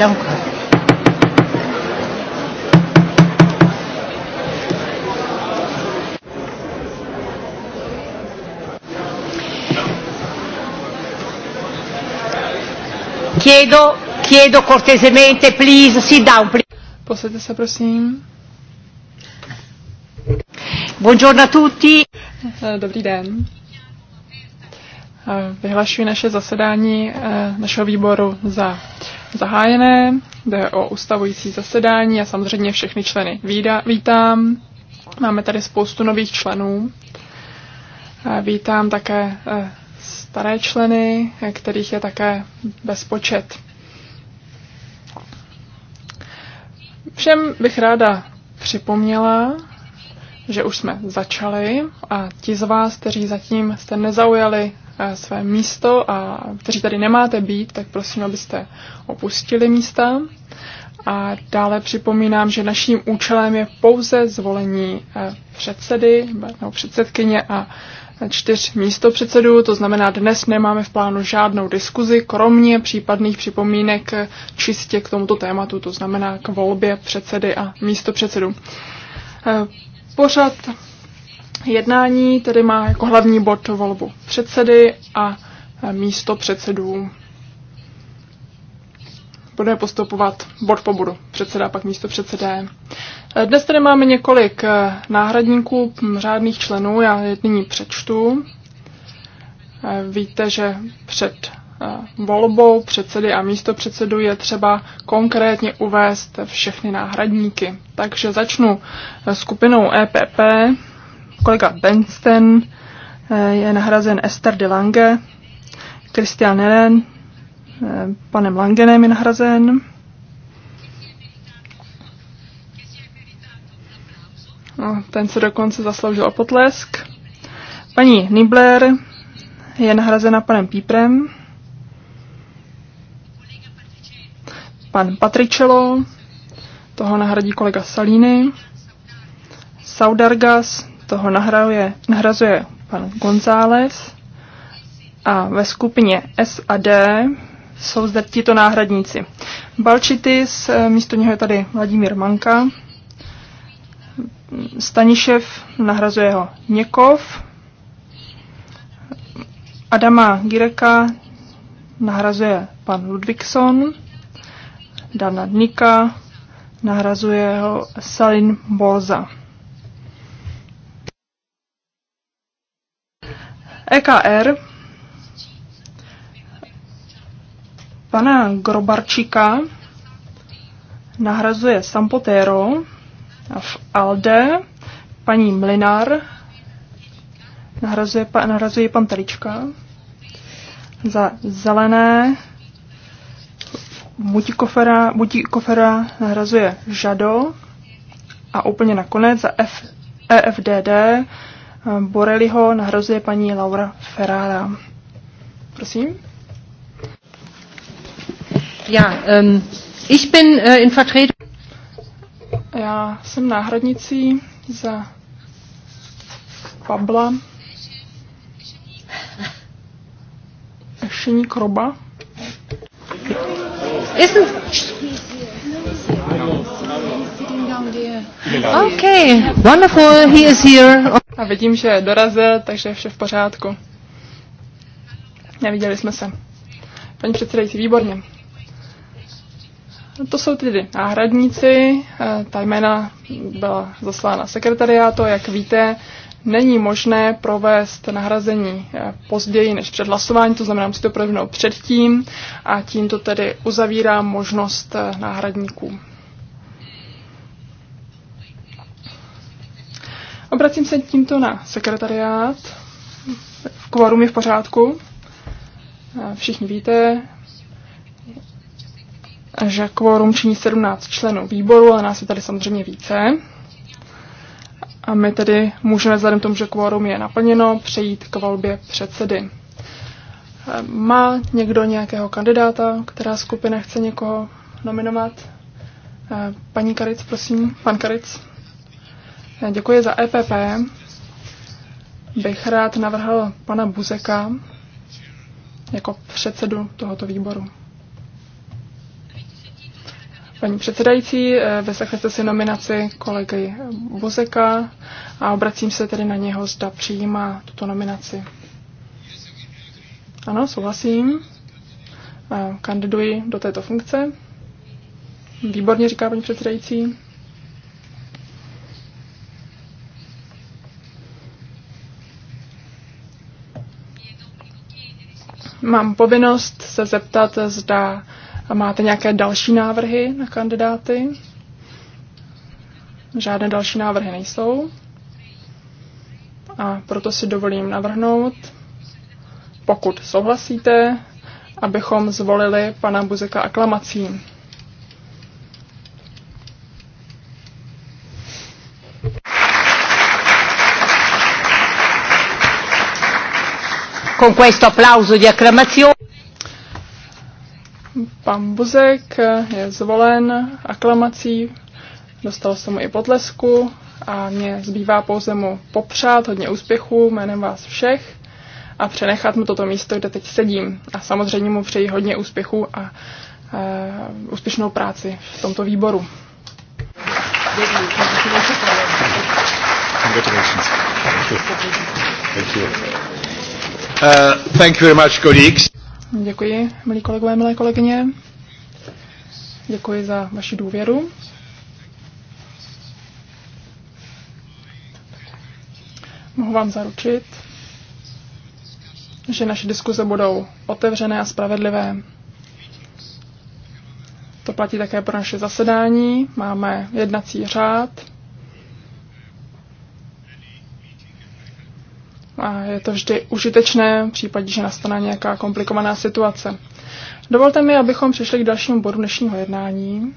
Danke. Chiedo, chiedo cortesemente, please, sit down, please. Posete se, prosím. Buongiorno a tutti. Eh, dobrý den. Eh, vyhlašuji naše zasedání eh, našeho výboru za zahájené, jde o ustavující zasedání a samozřejmě všechny členy vída, vítám. Máme tady spoustu nových členů. Eh, vítám také eh, staré členy, eh, kterých je také bezpočet. Všem bych ráda připomněla, že už jsme začali a ti z vás, kteří zatím jste nezaujali eh, své místo a kteří tady nemáte být, tak prosím, abyste opustili místa. A dále připomínám, že naším účelem je pouze zvolení eh, předsedy nebo předsedkyně a čtyř místopředsedů, to znamená dnes nemáme v plánu žádnou diskuzi, kromě případných připomínek čistě k tomuto tématu, to znamená k volbě předsedy a místopředsedů. Eh, Pořad jednání tedy má jako hlavní bod volbu předsedy a e, místo předsedů. Budeme postupovat bod po bodu. Předseda, pak místo předsedé. E, dnes tady máme několik e, náhradníků, řádných členů, já je nyní přečtu. Víte, že před Eh, volbou předsedy a místo předsedu je třeba konkrétně uvést všechny náhradníky. Takže začnu eh, skupinou EPP. Kolega Bensten eh, je nahrazen Esther de Lange, Christian Nelen panem Langenem je nahrazen. No, ten se dokonce zasloužil o potlesk. Paní Nibler je nahrazena panem Píprem. pan Patricello, toho nahradí kolega Salíny, Saudargas, toho nahrazuje, nahrazuje pan González a ve skupině S a D jsou zde tito náhradníci. Balčitis, eh, místo něho je tady Vladimír Manka, Stanišev nahrazuje ho Někov, Adama Gireka nahrazuje pan Ludvíkson, Dana Nika, nahrazuje ho Salin Boza. EKR pana Grobarčíka nahrazuje Sampotero a v ALDE paní Mlinar nahrazuje, nahrazuje pan Telička. Za zelené Mutikofera, Mutikofera nahrazuje Žado a úplně nakonec za F, EFDD eh, Boreliho nahrazuje paní Laura Ferrara. Prosím. Ja, um, ich bin uh, in Vertretung. Já jsem náhradnicí za Pabla Ešení Kroba. Isn't Okay, wonderful, he is here. A vidím, že dorazil, takže vše v pořádku. Neviděli jsme se. Paní předsedající, výborně. No, to jsou tedy náhradníci, eh, ta jména byla zaslána sekretariátu, jak víte, není možné provést nahrazení eh, později než před hlasování, to znamená, musí to provinout předtím a tímto tedy uzavírá možnost eh, náhradníků. Obracím se tímto na sekretariát. V kvorum je v pořádku. Eh, všichni víte, že kvorum činí 17 členů výboru, ale nás je tady samozřejmě více. A my tedy můžeme vzhledem tomu, že kvórum je naplněno, přejít k volbě předsedy. Má někdo nějakého kandidáta, která skupina chce někoho nominovat? Paní Karic, prosím, pan Karic. Děkuji za EPP. Bych rád navrhl pana Buzeka jako předsedu tohoto výboru. Paní předsedající, eh, vyslechli jste si nominaci kolegy Bozeka a obracím se tedy na něho, zda přijímá tuto nominaci. Ano, souhlasím. Kandiduji do této funkce. Výborně, říká paní předsedající. Mám povinnost se zeptat, zda a Máte nějaké další návrhy na kandidáty? Žádné další návrhy nejsou. A proto si dovolím navrhnout, pokud souhlasíte, abychom zvolili pana Buzeka aklamací. Con questo applauso di acclamazione. Pan Buzek je zvolen aklamací, dostal jsem mu i potlesku a mě zbývá pouze mu popřát hodně úspěchů jménem vás všech a přenechat mu toto místo, kde teď sedím. A samozřejmě mu přeji hodně úspěchů a e, úspěšnou práci v tomto výboru. Thank you. Uh, thank you very much, colleagues. Děkuji, milí kolegové, milé kolegyně. Děkuji za vaši důvěru. Mohu vám zaručit, že naše diskuze budou otevřené a spravedlivé. To platí také pro naše zasedání. Máme jednací řád, je to vždy užitečné v případě, že nastane nějaká komplikovaná situace. Dovolte mi, abychom přešli k dalšímu bodu dnešního jednání.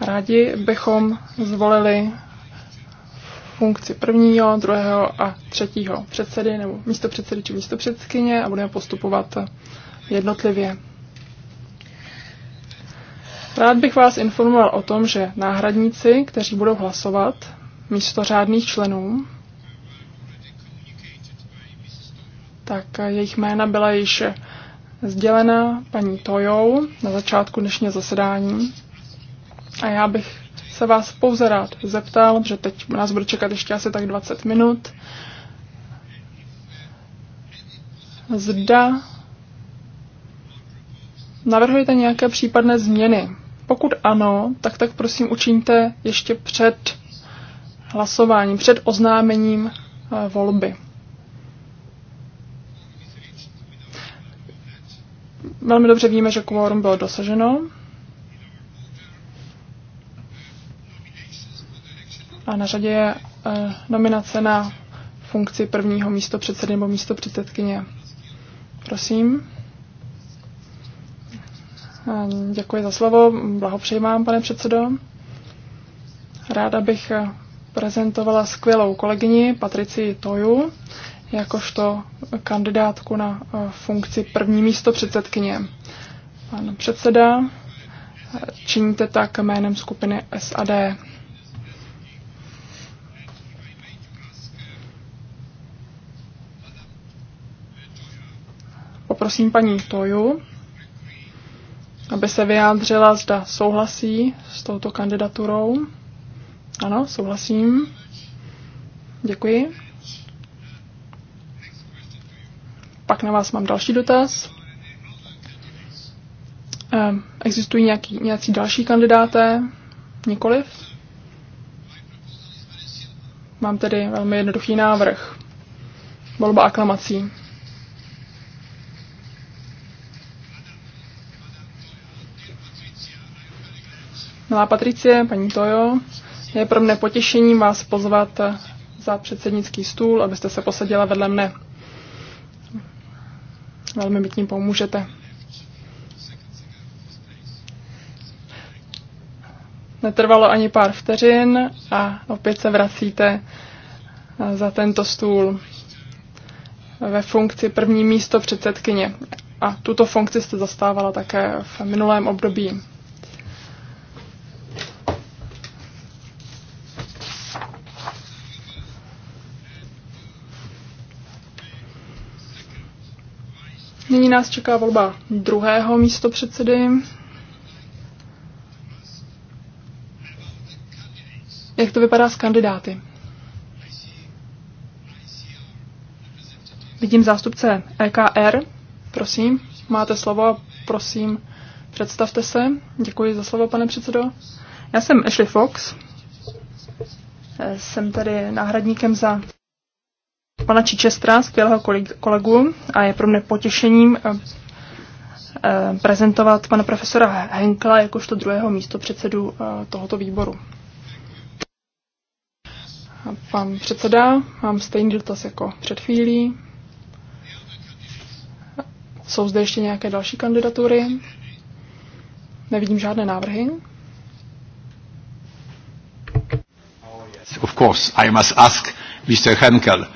Rádi bychom zvolili funkci prvního, druhého a třetího předsedy nebo místo předsedy či místo předsedkyně a budeme postupovat jednotlivě. Rád bych vás informoval o tom, že náhradníci, kteří budou hlasovat místo řádných členů, tak jejich jména byla již sdělena paní Tojou na začátku dnešního zasedání. A já bych se vás pouze rád zeptal, že teď nás bude čekat ještě asi tak 20 minut. Zda navrhujete nějaké případné změny. Pokud ano, tak tak prosím učiňte ještě před hlasováním, před oznámením eh, volby. Velmi dobře víme, že kvórum bylo dosaženo. A na řadě je eh, nominace na funkci prvního místo předsedy nebo místo předsedkyně. Prosím. Děkuji za slovo, blahopřeji vám, pane předsedo. Ráda bych eh, prezentovala skvělou kolegyni Patrici Toju jakožto kandidátku na eh, funkci první místo předsedkyně. Pan předseda, eh, činíte tak jménem skupiny SAD. Poprosím paní Toju, aby se vyjádřila, zda souhlasí s touto kandidaturou. Ano, souhlasím. Děkuji. pak na vás mám další dotaz. Ehm, existují nějaký, nějací další kandidáté? Nikoliv? Mám tedy velmi jednoduchý návrh. Volba aklamací. Milá Patricie, paní Tojo, je pro mne potěšením vás pozvat za předsednický stůl, abyste se posadila vedle mne velmi mi tím pomůžete. Netrvalo ani pár vteřin a opět se vracíte eh, za tento stůl ve funkci první místo předsedkyně. A tuto funkci jste zastávala také v minulém období. Nyní nás čeká volba druhého místo předsedy. Jak to vypadá s kandidáty? Vidím zástupce EKR. Prosím, máte slovo a prosím, představte se. Děkuji za slovo, pane předsedo. Já jsem Ashley Fox. Jsem tady náhradníkem za pana Čičestra, skvělého kolegu, a je pro mě potěšením eh, eh, prezentovat pana profesora Henkla jakožto druhého místo předsedu eh, tohoto výboru. Pan předseda, mám stejný dotaz jako před chvílí. Jsou zde ještě nějaké další kandidatury? Nevidím žádné návrhy. Of course, I must ask Mr. Henkel.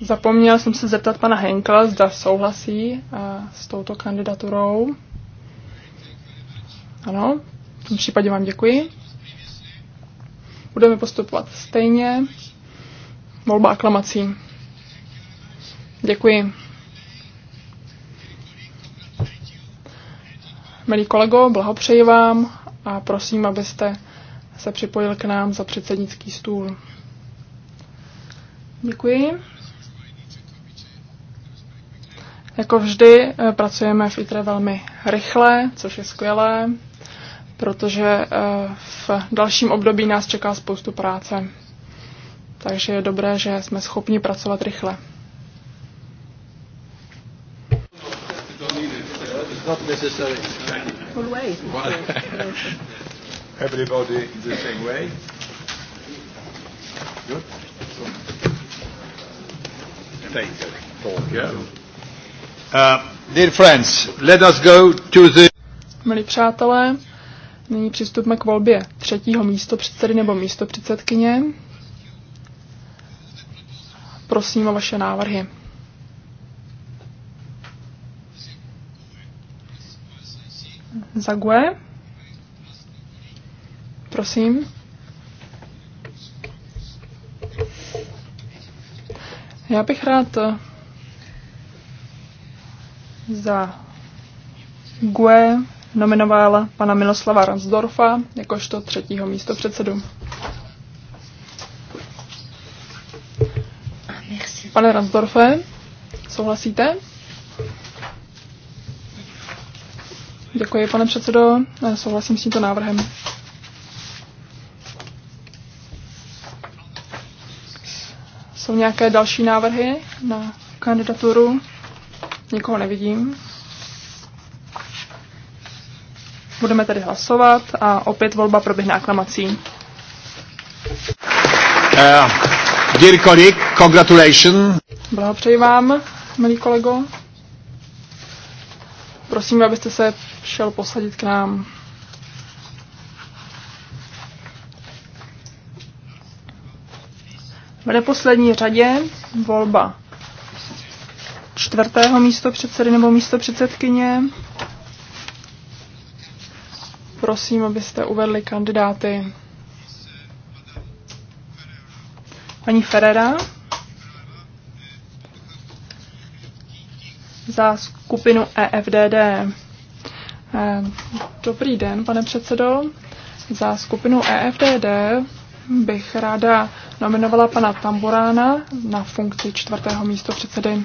Zapomněl jsem se zeptat pana Henkla, zda souhlasí eh, s touto kandidaturou. Ano, v tom případě vám děkuji. Budeme postupovat stejně. Volba aklamací. Děkuji. Milí kolego, blahopřeji vám a prosím, abyste se připojil k nám za předsednický stůl. Děkuji. Jako vždy eh, pracujeme v ITRE velmi rychle, což je skvělé, protože eh, v dalším období nás čeká spoustu práce. Takže je dobré, že jsme schopni pracovat rychle. not necessary. the same way. Good. Uh, dear friends, let us go to the... Milí přátelé, nyní přistupme k volbě třetího místo předsedy nebo místo předsedkyně. Prosím o vaše návrhy. Zague. Prosím. Já bych rád za GUE nominoval pana Miloslava Ransdorfa jakožto třetího místo předsedu. Pane Ransdorfe, souhlasíte? Děkuji, pane předsedo. Souhlasím s tímto návrhem. Jsou nějaké další návrhy na kandidaturu? Nikoho nevidím. Budeme tedy hlasovat a opět volba proběhne aklamací. Uh, dear colleague, congratulations. Blahopřeji vám, milý kolego. Prosím, abyste se šel posadit k nám. V neposlední řadě volba čtvrtého místo předsedy nebo místo předsedkyně. Prosím, abyste uvedli kandidáty. Paní Ferrera za skupinu EFDD. Eh, dobrý den, pane předsedo. Za skupinu EFDD bych ráda nominovala pana Tamburána na funkci čtvrtého místo předsedy.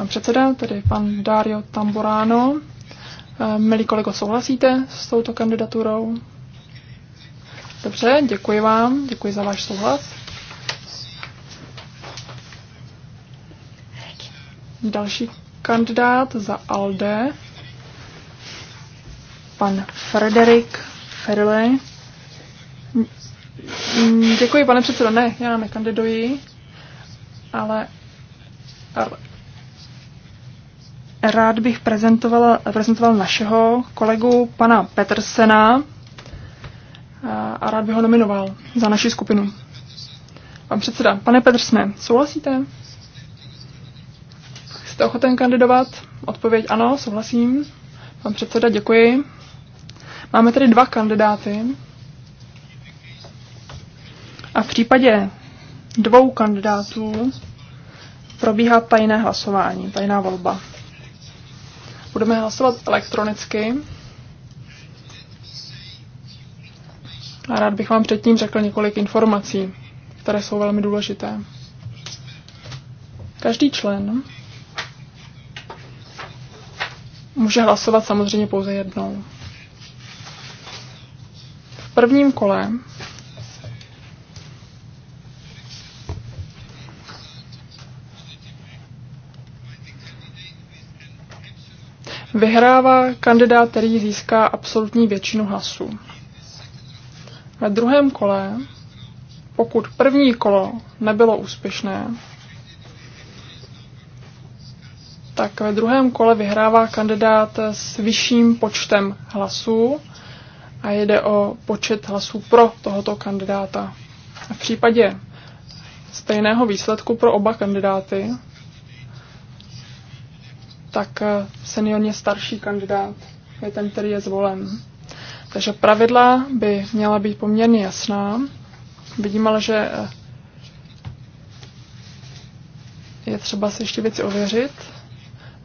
pan předseda, tedy pan Dario Tamborano. Eh, milí kolego, souhlasíte s touto kandidaturou? Dobře, děkuji vám, děkuji za váš souhlas. Další kandidát za ALDE, pan Frederik Ferle. Mm, děkuji, pane předsedo. Ne, já nekandiduji, ale rád bych prezentoval, prezentoval našeho kolegu pana Petersena a rád bych ho nominoval za naši skupinu. Pan předseda, pane Petersne, souhlasíte? Jste ochoten kandidovat? Odpověď ano, souhlasím. Pan předseda, děkuji. Máme tady dva kandidáty. A v případě dvou kandidátů probíhá tajné hlasování, tajná volba. Budeme hlasovat elektronicky. A rád bych vám předtím řekl několik informací, které jsou velmi důležité. Každý člen může hlasovat samozřejmě pouze jednou. V prvním kole vyhrává kandidát, který získá absolutní většinu hlasů. Ve druhém kole, pokud první kolo nebylo úspěšné, tak ve druhém kole vyhrává kandidát s vyšším počtem hlasů a jde o počet hlasů pro tohoto kandidáta. A v případě stejného výsledku pro oba kandidáty tak eh, seniorně starší kandidát je ten, který je zvolen. Takže pravidla by měla být poměrně jasná. Vidím ale, že eh, je třeba si ještě věci ověřit.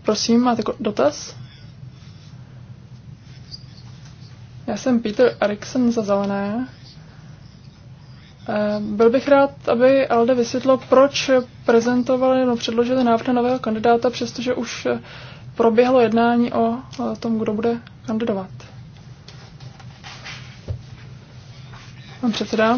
Prosím, máte dotaz? Já jsem Peter Eriksen za zelené. Eh, byl bych rád, aby Alde vysvětlil, proč prezentovali nebo předložili návrh na nového kandidáta, přestože už eh, proběhlo jednání o eh, tom, kdo bude kandidovat. Pan předseda.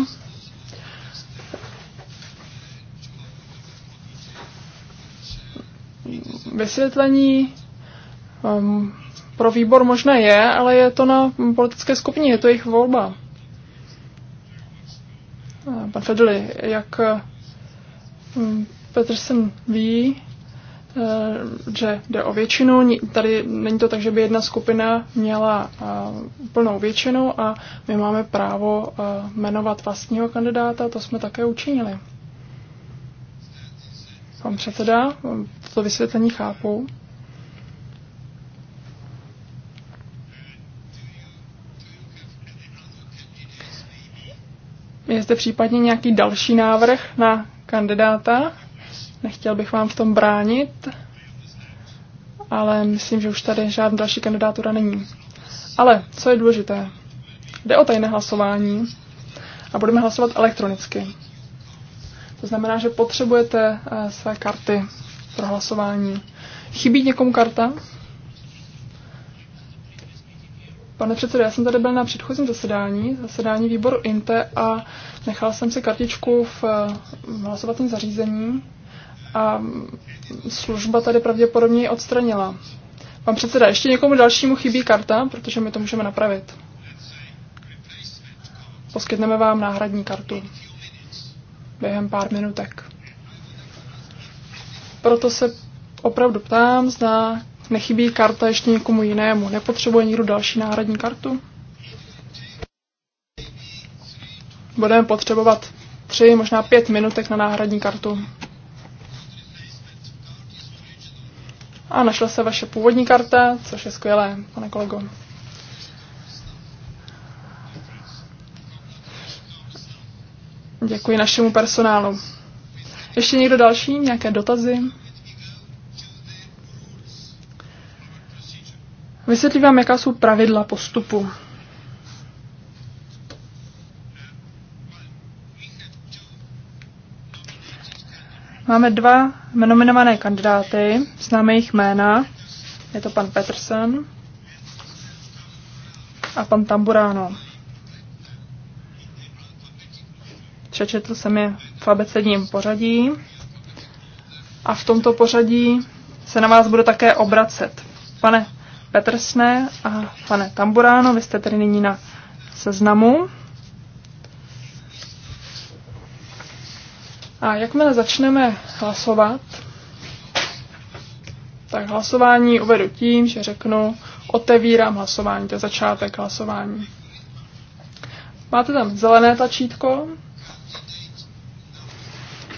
Vysvětlení um, pro výbor možné je, ale je to na politické skupině, je to jejich volba. Eh, pan Fedeli, jak eh, mm, Peterson ví, eh, že jde o většinu. Tady není to tak, že by jedna skupina měla plnou většinu a my máme právo jmenovat vlastního kandidáta, to jsme také učinili. Pan předseda, toto vysvětlení chápu. zde případně nějaký další návrh na kandidáta. Nechtěl bych vám v tom bránit, ale myslím, že už tady žádná další kandidátura není. Ale co je důležité? Jde o tajné hlasování a budeme hlasovat elektronicky. To znamená, že potřebujete eh, své karty pro hlasování. Chybí někomu karta? Pane předsedo, já jsem tady byl na předchozím zasedání, zasedání výboru INTE a nechal jsem si kartičku v, eh, v hlasovacím zařízení a služba tady pravděpodobně ji odstranila. Pan předseda, ještě někomu dalšímu chybí karta, protože my to můžeme napravit. Poskytneme vám náhradní kartu během pár minutek. Proto se opravdu ptám, zda Nechybí karta ještě někomu jinému? Nepotřebuje někdo další náhradní kartu? Budeme potřebovat tři, možná pět minutek na náhradní kartu. A našla se vaše původní karta, což je skvělé, pane kolego. Děkuji našemu personálu. Ještě někdo další? Nějaké dotazy? Vysvětlím vám, jaká jsou pravidla postupu. Máme dva nominované kandidáty, známe jejich jména. Je to pan Peterson a pan Tamburano. Přečetl jsem je v abecedním pořadí a v tomto pořadí se na vás bude také obracet. Pane Petrsné a pane Tamburáno, vy jste tady nyní na seznamu. A jakmile začneme hlasovat, tak hlasování uvedu tím, že řeknu, otevírám hlasování, to je začátek hlasování. Máte tam zelené tlačítko,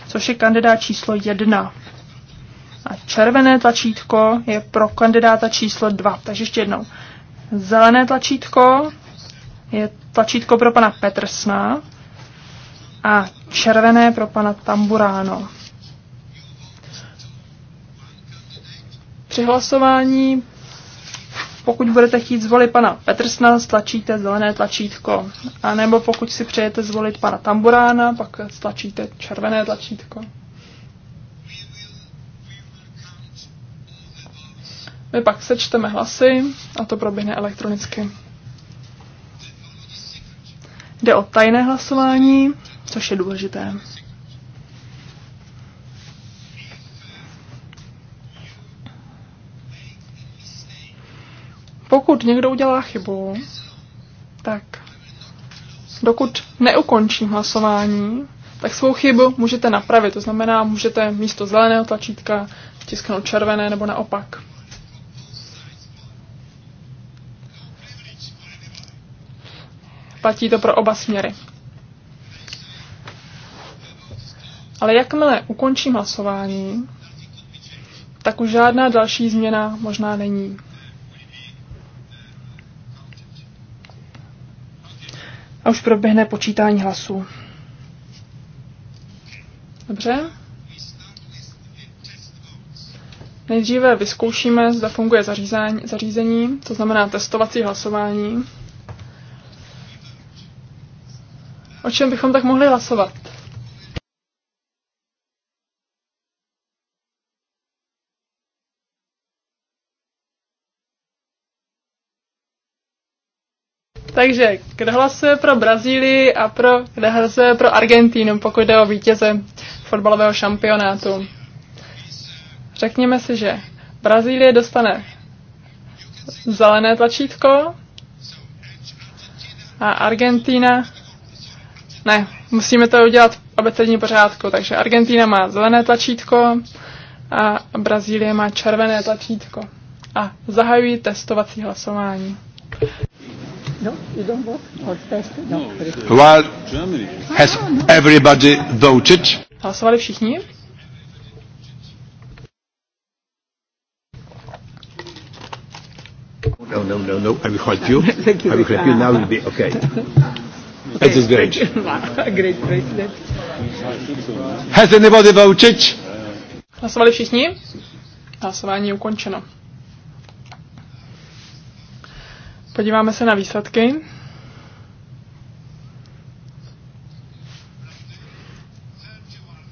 což je kandidát číslo jedna. A červené tlačítko je pro kandidáta číslo 2. Takže ještě jednou. Zelené tlačítko je tlačítko pro pana Petrsna a červené pro pana Tamburáno. Při hlasování, pokud budete chtít zvolit pana Petrsna, stlačíte zelené tlačítko. A nebo pokud si přejete zvolit pana Tamburána, pak stlačíte červené tlačítko. My pak sečteme hlasy a to proběhne elektronicky. Jde o tajné hlasování, což je důležité. Pokud někdo udělá chybu, tak dokud neukončím hlasování, tak svou chybu můžete napravit. To znamená, můžete místo zeleného tlačítka tisknout červené nebo naopak. Platí to pro oba směry. Ale jakmile ukončím hlasování, tak už žádná další změna možná není. A už proběhne počítání hlasů. Dobře. Nejdříve vyzkoušíme, zda funguje zařízení, zařízení, to znamená testovací hlasování. o čem bychom tak mohli hlasovat. Takže kdo hlasuje pro Brazílii a pro, kdo hlasuje pro Argentínu, pokud jde o vítěze fotbalového šampionátu. Řekněme si, že Brazílie dostane zelené tlačítko a Argentína ne, musíme to udělat v abecedním pořádku. Takže Argentina má zelené tlačítko a Brazílie má červené tlačítko. A zahajují testovací hlasování. No, no. Well, has everybody voted? Hlasovali všichni? No, no, no, no. I will help you. Thank you. I will help you. Now It will be okay. This is great. great president. Has anybody voted? Hlasovali všichni? Hlasování je ukončeno. Podíváme se na výsledky.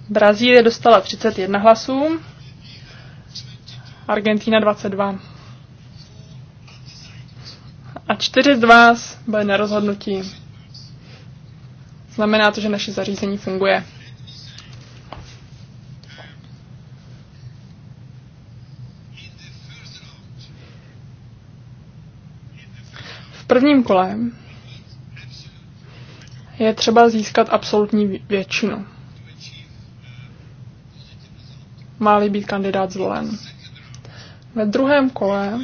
Brazílie dostala 31 hlasů, Argentina 22. A čtyři z vás byly na rozhodnutí. Znamená to, že naše zařízení funguje. V prvním kole je třeba získat absolutní většinu. má být kandidát zvolen. Ve druhém kole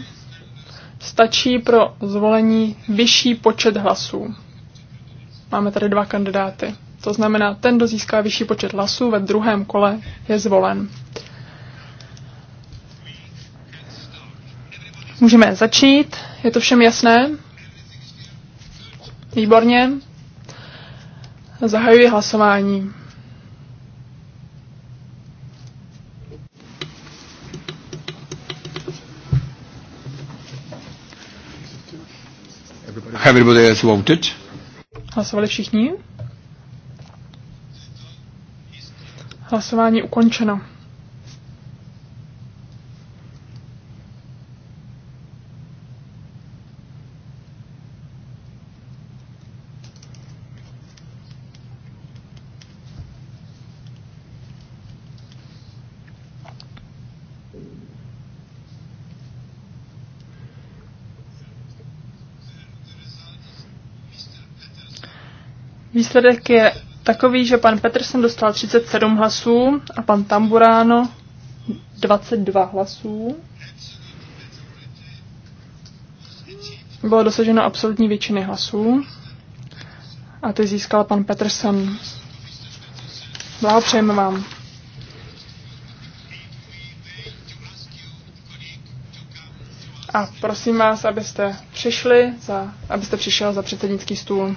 stačí pro zvolení vyšší počet hlasů. Máme tady dva kandidáty. To znamená, ten, kdo získá vyšší počet hlasů ve druhém kole, je zvolen. Můžeme začít. Je to všem jasné? Výborně. Zahajuji hlasování. Everybody has voted. Hlasovali všichni? Hlasování ukončeno. Výsledek je takový, že pan Petersen dostal 37 hlasů a pan Tamburáno 22 hlasů. Bylo dosaženo absolutní většiny hlasů a ty získal pan Petersen. Blahopřejeme vám. A prosím vás, abyste přišli za, abyste přišel za předsednický stůl.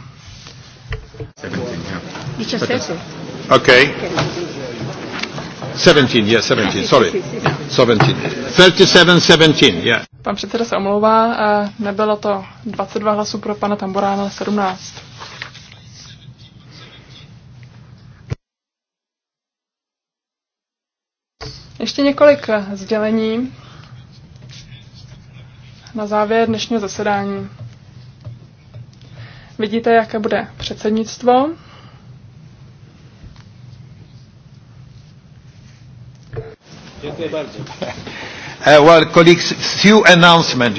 17? Okay. 17, yeah, 17, sorry. 17. 37, 17, yeah. Pan předseda se omlouvá, eh, nebylo to 22 hlasů pro pana Tamborána, 17. Ještě několik eh, sdělení na závěr dnešního zasedání. Vidíte, jaké bude předsednictvo. Eh, well, few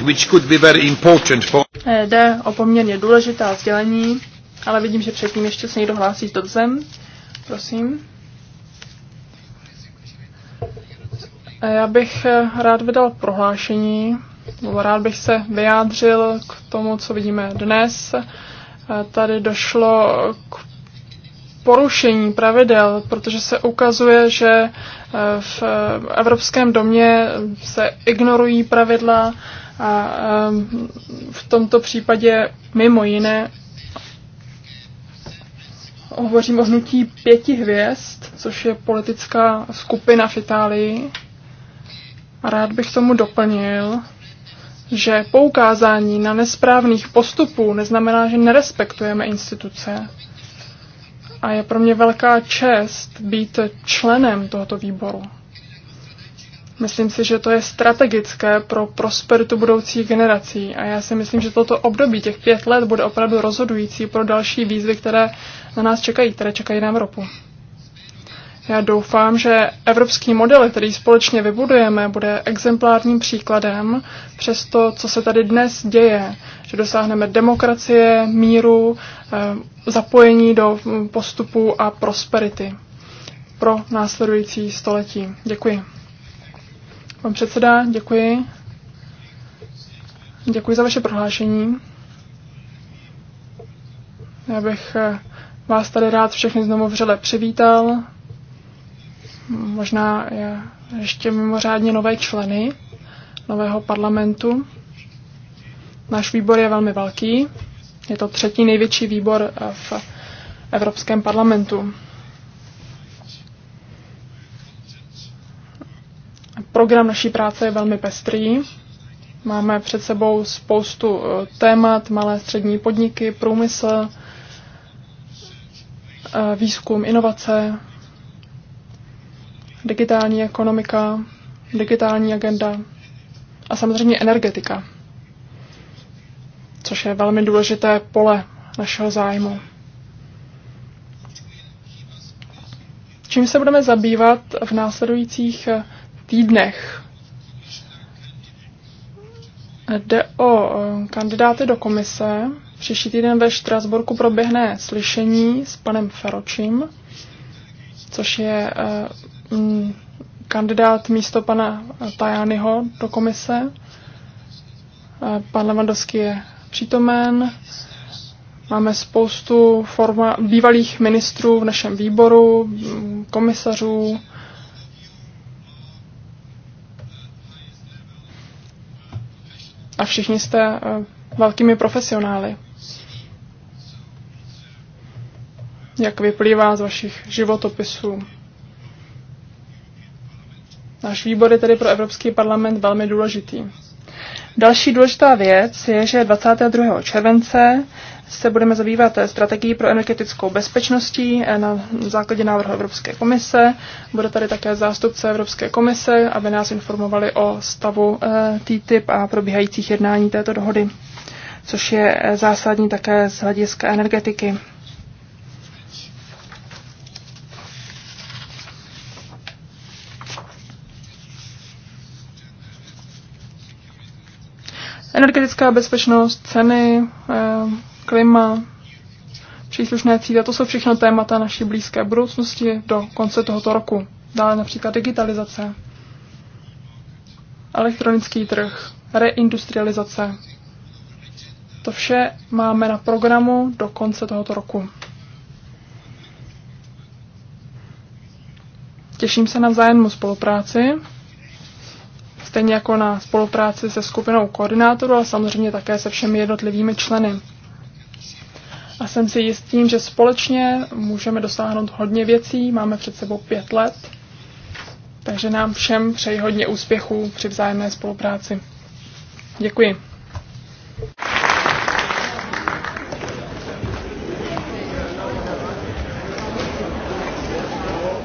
which could be very important for... Eh, jde o poměrně důležitá sdělení, ale vidím, že předtím ještě se někdo hlásí do zem. Prosím. Eh, já bych rád vydal prohlášení, nebo rád bych se vyjádřil k tomu, co vidíme dnes tady došlo k porušení pravidel, protože se ukazuje, že e, v e, Evropském domě se ignorují pravidla a e, v tomto případě mimo jiné hovořím o hnutí pěti hvězd, což je politická skupina v Itálii. A rád bych tomu doplnil, že poukázání na nesprávných postupů neznamená, že nerespektujeme instituce. A je pro mě velká čest být členem tohoto výboru. Myslím si, že to je strategické pro prosperitu budoucích generací a já si myslím, že toto období těch pět let bude opravdu rozhodující pro další výzvy, které na nás čekají, které čekají na Evropu. Já doufám, že evropský model, který společně vybudujeme, bude exemplárním příkladem přes to, co se tady dnes děje, že dosáhneme demokracie, míru, eh, zapojení do postupu a prosperity pro následující století. Děkuji. Pan předseda, děkuji. Děkuji za vaše prohlášení. Já bych eh, vás tady rád všechny znovu vřele přivítal možná ještě mimořádně nové členy nového parlamentu. Náš výbor je velmi velký. Je to třetí největší výbor eh, v Evropském parlamentu. Program naší práce je velmi pestrý. Máme před sebou spoustu eh, témat, malé střední podniky, průmysl, eh, výzkum, inovace, digitální ekonomika, digitální agenda a samozřejmě energetika, což je velmi důležité pole našeho zájmu. Čím se budeme zabývat v následujících eh, týdnech? Jde o eh, kandidáty do komise. Příští týden ve Štrasburku proběhne slyšení s panem Feročím, což je eh, Mm, kandidát místo pana Tajányho do komise. Pan Levandovský je přítomen. Máme spoustu forma, bývalých ministrů v našem výboru, mm, komisařů. A všichni jste eh, velkými profesionály. Jak vyplývá z vašich životopisů. Náš výbor je tedy pro Evropský parlament velmi důležitý. Další důležitá věc je, že 22. července se budeme zabývat strategií pro energetickou bezpečností na základě návrhu Evropské komise. Bude tady také zástupce Evropské komise, aby nás informovali o stavu eh, TTIP a probíhajících jednání této dohody, což je eh, zásadní také z hlediska energetiky. Energetická bezpečnost, ceny, eh, klima, příslušné cíle, to jsou všechno témata naší blízké budoucnosti do konce tohoto roku. Dále například digitalizace, elektronický trh, reindustrializace. To vše máme na programu do konce tohoto roku. Těším se na vzájemnou spolupráci stejně jako na spolupráci se skupinou koordinátorů, ale samozřejmě také se všemi jednotlivými členy. A jsem si jistím, že společně můžeme dosáhnout hodně věcí, máme před sebou pět let, takže nám všem přeji hodně úspěchů při vzájemné spolupráci. Děkuji.